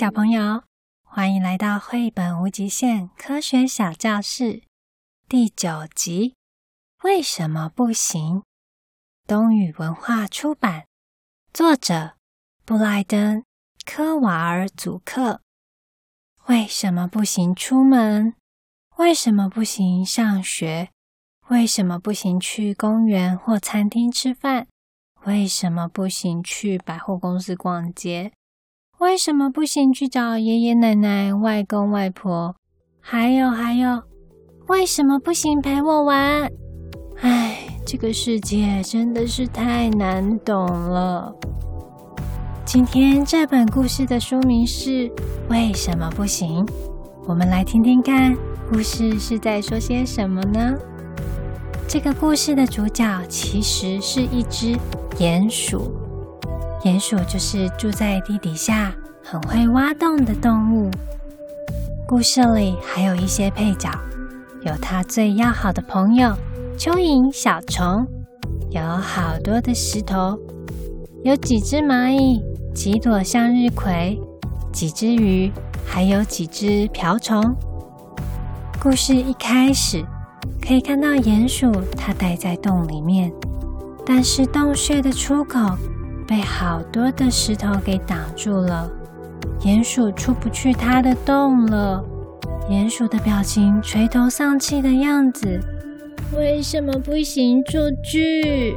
小朋友，歡迎來到繪本無極限科學小教室第九集。為什麼不行？東雨文化出版，作者布萊登·科瓦爾祖克。為什麼不行出門？為什麼不行上學？為什麼不行去公園或餐廳吃飯？為什麼不行去百貨公司逛街？為什麼不行？去找爺爺奶奶、外公外婆。還有還有，為什麼不行？陪我玩。唉，這個世界真的是太難懂了。今天這本故事的書名是為什麼不行？我們來聽聽看，故事是在說些什麼呢？這個故事的主角其實是一隻鼴鼠。鼴鼠就是住在地底下、很會挖洞的動物。故事裡還有一些配角，有它最要好的朋友蚯蚓小蟲，有好多的石頭，有幾隻螞蟻、幾朵向日葵、幾隻魚，還有幾隻瓢蟲。故事一開始可以看到鼴鼠，它待在洞裡面，但是洞穴的出口。被好多的石頭給擋住了，鼴鼠出不去它的洞了。鼴鼠的表情垂頭喪氣的樣子，為什麼不行出去？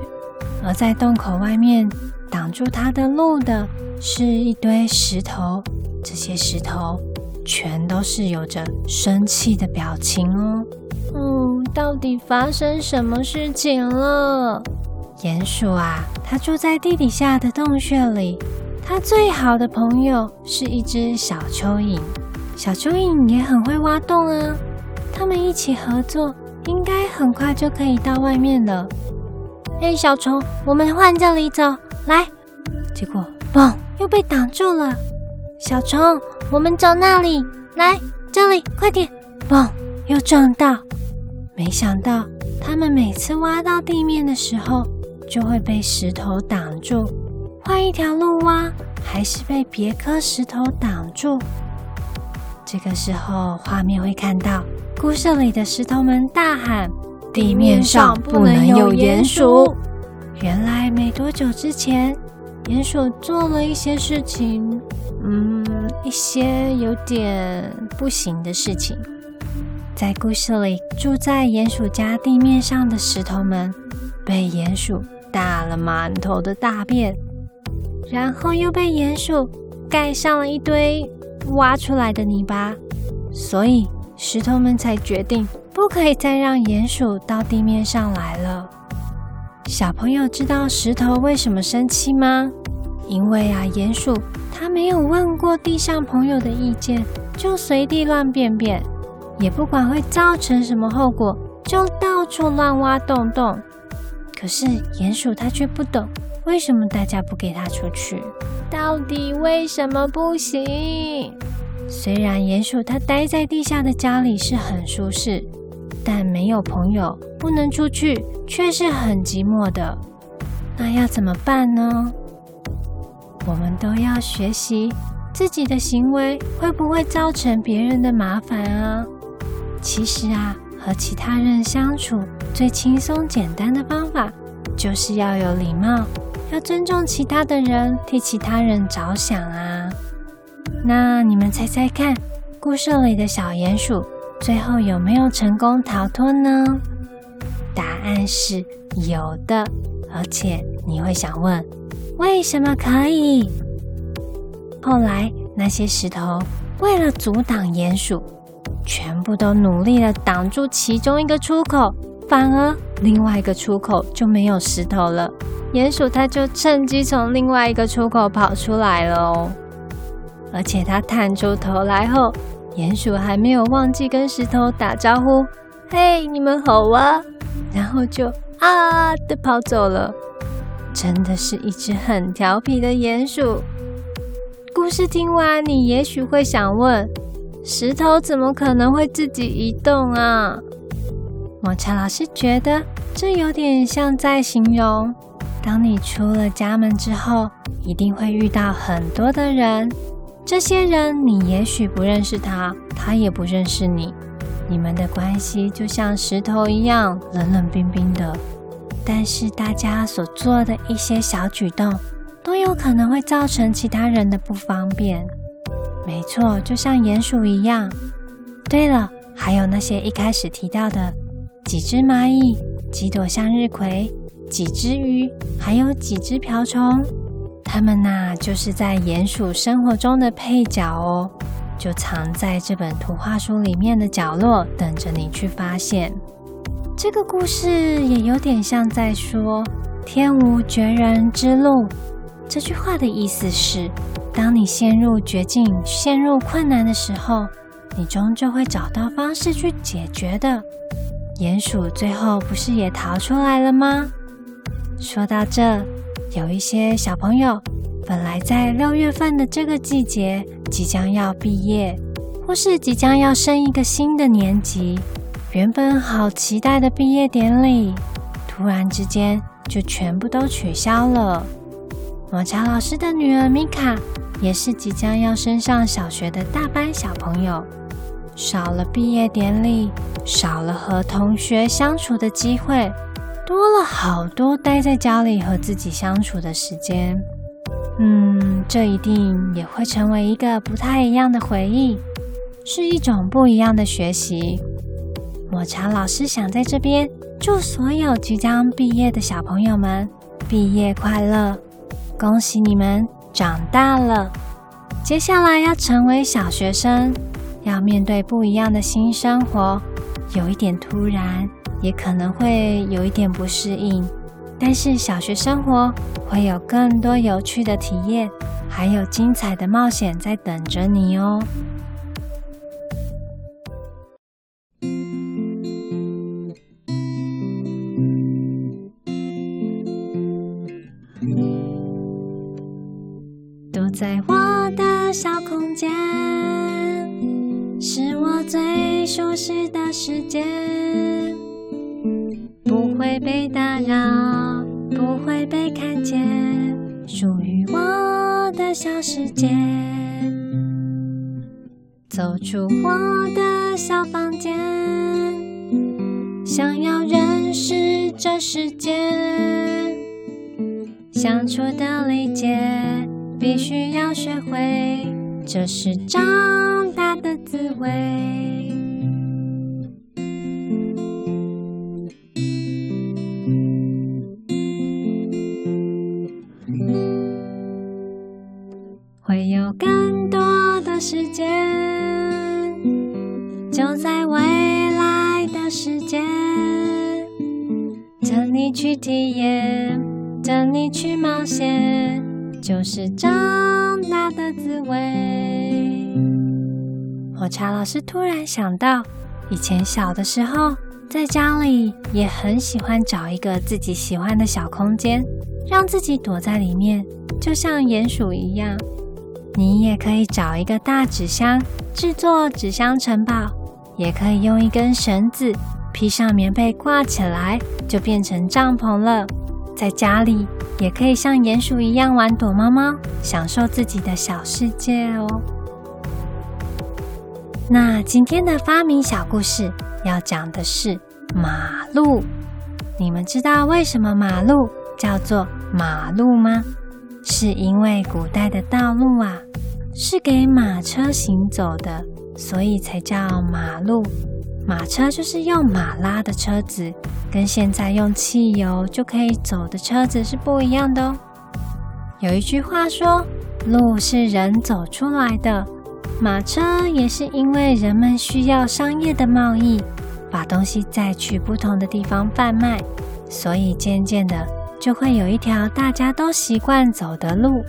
而在洞口外面擋住它的路的是一堆石頭，這些石頭全都是有着生氣的表情哦。嗯，到底發生什麼事情了？鼴鼠啊，它住在地底下的洞穴裡。它最好的朋友是一隻小蚯蚓，小蚯蚓也很會挖洞啊。他們一起合作，應該很快就可以到外面了。嘿、欸，小蟲，我們換這裡走，來。結果，蹦，又被擋住了。小蟲，我們走那裡，來這裡，快點。蹦，又撞到。沒想到，他們每次挖到地面的時候，就會被石頭擋住，換一條路挖，啊，還是被別顆石頭擋住。這個時候，畫面會看到故事裡的石頭們大喊：“地面上不能有鼴鼠！”原來沒多久之前，鼴鼠做了一些事情，嗯，一些有點不行的事情。嗯，在故事裡，住在鼴鼠家地面上的石頭們。被鼴鼠大了滿頭的大便，然後又被鼴鼠蓋上了一堆挖出來的泥巴，所以石頭們才決定不可以再讓鼴鼠到地面上來了。小朋友知道石頭為什麼生氣嗎？因為啊，鼴鼠它沒有問過地上朋友的意見，就隨地亂便便，也不管會造成什麼後果，就到處亂挖洞洞。可是，鼴鼠它卻不懂為什麼大家不給它出去，到底為什麼不行？雖然鼴鼠它待在地下的家裡是很舒適，但沒有朋友，不能出去，卻是很寂寞的。那要怎麼辦呢？我們都要學習自己的行為會不會造成別人的麻煩啊。其實啊，和其他人相處。最輕鬆簡單的方法，就是要有禮貌，要尊重其他的人，替其他人着想啊！那你們猜猜看，故事裡的小鼴鼠最後有沒有成功逃脫呢？答案是有的，而且你會想問，為什麼可以？後來那些石頭為了阻擋鼴鼠，全部都努力地擋住其中一個出口。反而、啊、另外一個出口就沒有石頭了，鼴鼠它就趁機從另外一個出口跑出來了哦。而且它探出頭來後，鼴鼠還沒有忘記跟石頭打招呼：“嘿、hey，你們好啊！”然後就啊的跑走了。真的是一隻很調皮的鼴鼠。故事聽完，你也許會想問：石頭怎麼可能會自己移動啊？抹茶老師覺得這有點像在形容：當你出了家門之後，一定會遇到很多的人。這些人你也許不認識他，他也不認識你，你們的關係就像石頭一樣冷冷冰冰的。但是大家所做的一些小舉動，都有可能會造成其他人的不方便。沒錯，就像鼴鼠一樣。對了，還有那些一開始提到的。幾隻螞蟻，幾朵向日葵，幾隻魚，還有幾隻瓢蟲，它們吶、啊，就是在鼴鼠生活中的配角哦，就藏在這本圖畫書裡面的角落，等着你去發現。這個故事也有點像在說“天無絕人之路”。這句話的意思是，當你陷入絕境、陷入困難的時候，你終究會找到方式去解決的。鼴鼠最後不是也逃出來了嗎？說到這，有一些小朋友本來在六月份的這個季節即將要畢業，或是即將要升一個新的年級，原本好期待的畢業典禮，突然之間就全部都取消了。抹茶老師的女兒米卡也是即將要升上小學的大班小朋友。少了畢業典禮，少了和同學相處的機會，多了好多待在家裡和自己相處的時間。嗯，這一定也會成為一個不太一樣的回憶，是一種不一樣的學習。抹茶老師想在這邊祝所有即將畢業的小朋友們畢業快樂，恭喜你們長大了，接下來要成為小學生。要面對不一樣的新生活，有一點突然，也可能會有一點不適應。但是小學生活會有更多有趣的體驗，還有精彩的冒險在等着你哦。最舒適的時間，不會被打擾，不會被看見，屬於我的小世界。走出我的小房間，想要認識這世界，相處的禮節必須要學會。這是長大的滋味，會有更多的時間，就在未來的世界，等你去體驗，等你去冒險，就是長。查老師突然想到，以前小的時候，在家裡也很喜歡找一個自己喜歡的小空間，讓自己躲在裡面，就像鼴鼠一樣。你也可以找一個大紙箱，制作紙箱城堡；也可以用一根繩子，披上棉被掛起來，就變成帳篷了。在家裡，也可以像鼴鼠一樣玩躲貓貓，享受自己的小世界哦。那今天的發明小故事要講的是馬路。你們知道為什麼馬路叫做馬路嗎？是因為古代的道路啊，是給馬車行走的，所以才叫馬路。馬車就是用馬拉的車子，跟現在用汽油就可以走的車子是不一樣的哦。有一句話說，路是人走出來的。馬車也是因為人們需要商業的貿易，把東西再去不同的地方販賣，所以漸漸的就會有一條大家都習慣走的路。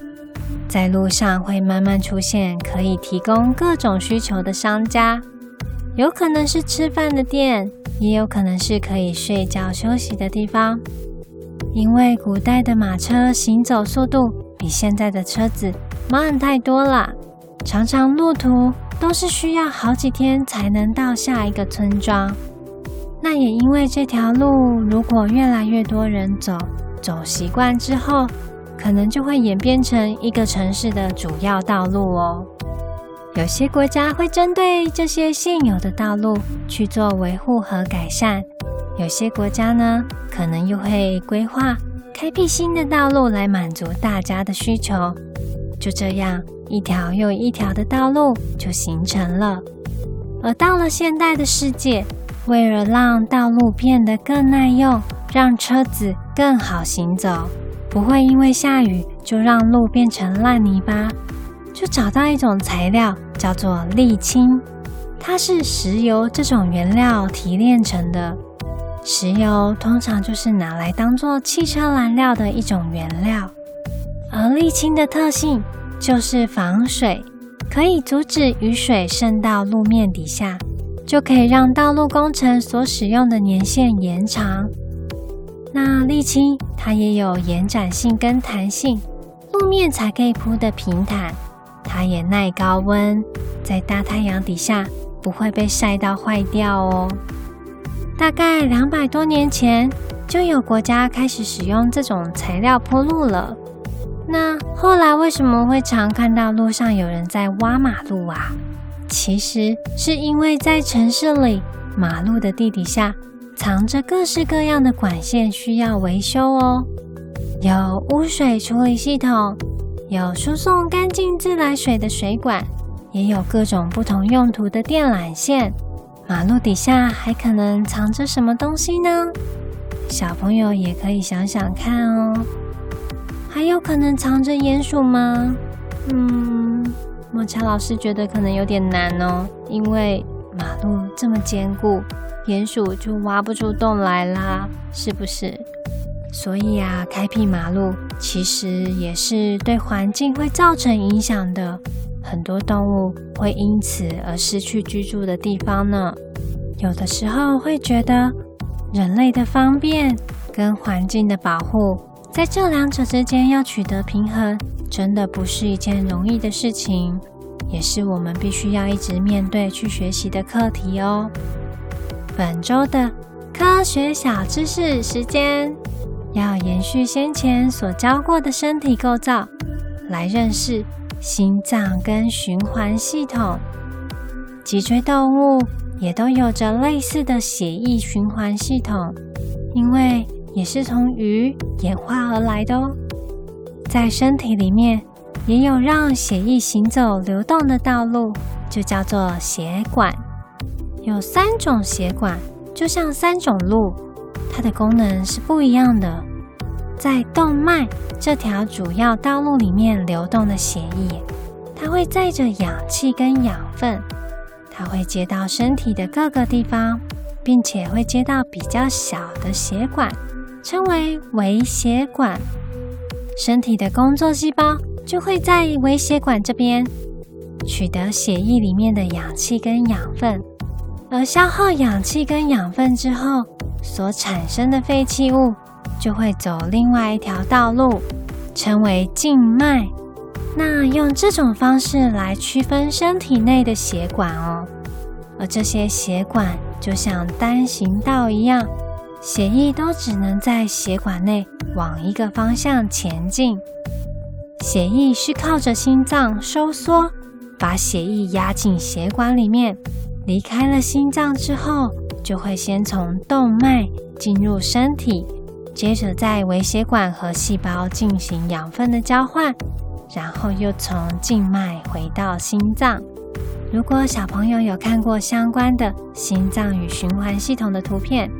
在路上會慢慢出現可以提供各種需求的商家，有可能是吃飯的店，也有可能是可以睡覺休息的地方。因為古代的馬車行走速度比現在的車子慢太多了。常常路途，都是需要好幾天才能到下一個村莊。那也因為這條路，如果越來越多人走，走習慣之後，可能就會演變成一個城市的主要道路哦。有些國家會針對這些現有的道路去做維護和改善，有些國家呢，可能又會規劃開闢新的道路來滿足大家的需求。就這樣。一條又一條的道路就形成了，而到了現代的世界，為了讓道路變得更耐用，讓車子更好行走，不會因為下雨就讓路變成爛泥巴，就找到一種材料叫做瀝青，它是石油這種原料提煉成的。石油通常就是拿來當做汽車燃料的一種原料，而瀝青的特性，就是防水，可以阻止雨水滲到路面底下，就可以讓道路工程所使用的年限延長。那瀝青它也有延展性跟彈性，路面才可以鋪得平坦。它也耐高溫，在大太陽底下不會被曬到壞掉哦。大概兩百多年前就有國家開始使用這種材料鋪路了。那後來為什麼會常看到路上有人在挖馬路啊？其實是因為在城市裡，馬路的地底下藏着各式各樣的管線需要維修哦。有汙水處理系統，有輸送乾淨自來水的水管，也有各種不同用途的電纜線。馬路底下還可能藏着什麼東西呢？小朋友也可以想想看哦。還有可能藏着鼴鼠嗎？嗯，莫查老師覺得可能有點難哦，因為馬路這麼堅固，鼴鼠就挖不出洞來啦，是不是？所以啊，開闢馬路其實也是對環境會造成影響的，很多動物會因此而失去居住的地方呢。有的時候會覺得，人類的方便跟環境的保護。在這兩者之間要取得平衡，真的不是一件容易的事情，也是我們必須要一直面對去學習的課題哦。本周的科學小知識時間，要延續先前所教過的身體構造，來認識心臟跟循環系統。脊椎動物也都有着類似的血液循環系統，因為。也是從魚演化而來的哦。在身體裡面也有讓血液行走流動的道路，就叫做血管。有三種血管，就像三種路，它的功能是不一樣的。在動脈這條主要道路裡面流動的血液，它會載着氧氣跟養分，它會接到身體的各個地方，並且會接到比較小的血管。稱為微血管，身體的工作細胞就會在微血管這邊取得血液裡面的氧氣跟養分，而消耗氧氣跟養分之後所產生的廢棄物就會走另外一條道路，稱為靜脈。那用這種方式來區分身體內的血管哦，而這些血管就像單行道一樣，血液都只能在血管內往一個方向前進。血液是靠着心臟收縮，把血液壓進血管裡面。離開了心臟之後，就會先從動脈進入身體，接着在微血管和細胞進行養分的交換，然後又從靜脈回到心臟。如果小朋友有看過相關的心臟與循環系統的圖片。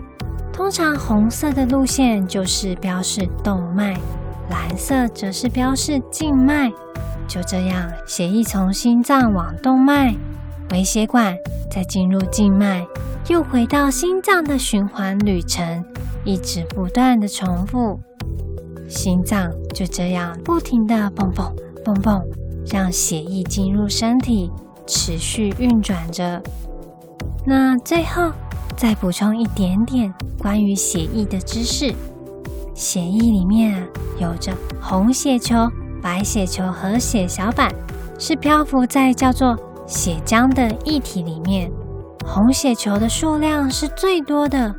通常紅色的路線就是標示動脈，藍色則是標示靜脈。就這樣，血液從心臟往動脈、微血管，再進入靜脈，又回到心臟的循環旅程，一直不斷的重複。心臟就這樣不停的蹦蹦蹦蹦，讓血液進入身體，持續運轉着。那最後。再補充一點點關於血液的知識。血液裡面啊，有着紅血球、白血球和血小板，是漂浮在叫做血漿的液體裡面。紅血球的數量是最多的。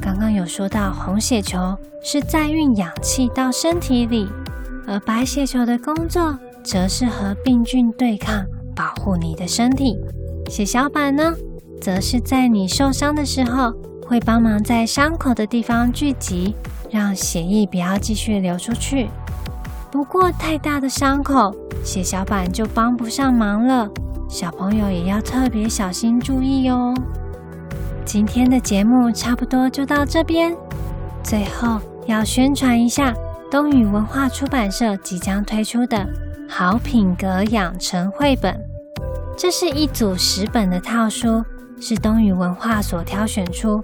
剛剛有說到紅血球是載運氧氣到身體裡，而白血球的工作則是和病菌對抗，保護你的身體。血小板呢？則是在你受傷的時候，會幫忙在傷口的地方聚集，讓血液不要繼續流出去。不過太大的傷口，血小板就幫不上忙了。小朋友也要特別小心注意喲、哦。今天的節目差不多就到這邊。最後要宣傳一下東雨文化出版社即將推出的《好品格養成繪本》，這是一組十本的套書。是東雨文化所挑選出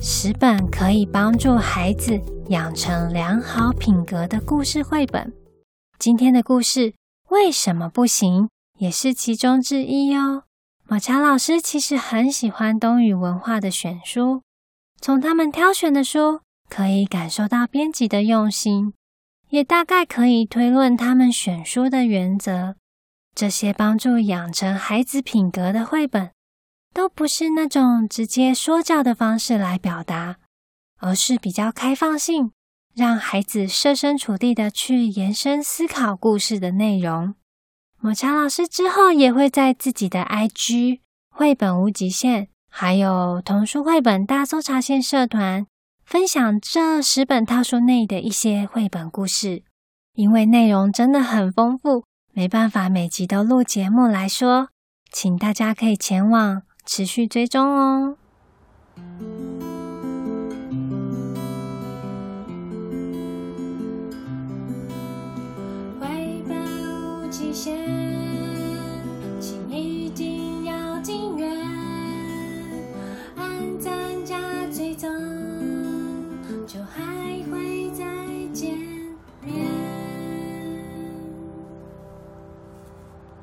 十本可以幫助孩子養成良好品格的故事繪本。今天的故事為什麼不行？也是其中之一喲、哦。抹茶老師其實很喜歡東雨文化的選書，從他們挑選的書可以感受到編輯的用心，也大概可以推論他們選書的原則。這些幫助養成孩子品格的繪本，都不是那種直接說教的方式來表達，而是比較開放性，讓孩子設身處地的去延伸思考故事的內容。抹茶老師之後也會在自己的 IG 繪本無極限，還有童書繪本大搜查線社團分享這十本套書內的一些繪本故事，因為內容真的很豐富，沒辦法每集都錄節目來說，請大家可以前往。持續追蹤哦。